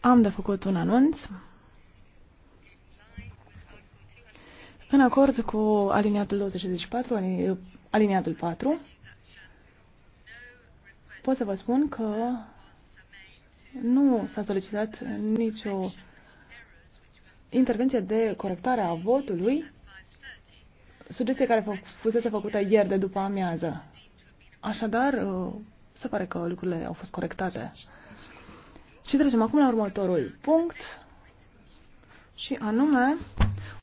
Am de făcut un anunț. În acord cu aliniatul 24 aliniatul 4, pot să vă spun că nu s-a solicitat nicio intervenție de corectare a votului, sugestie care fusese făcută ieri de după amiază. Așadar, uh, se pare că lucrurile au fost corectate. Și trecem acum la următorul punct și anume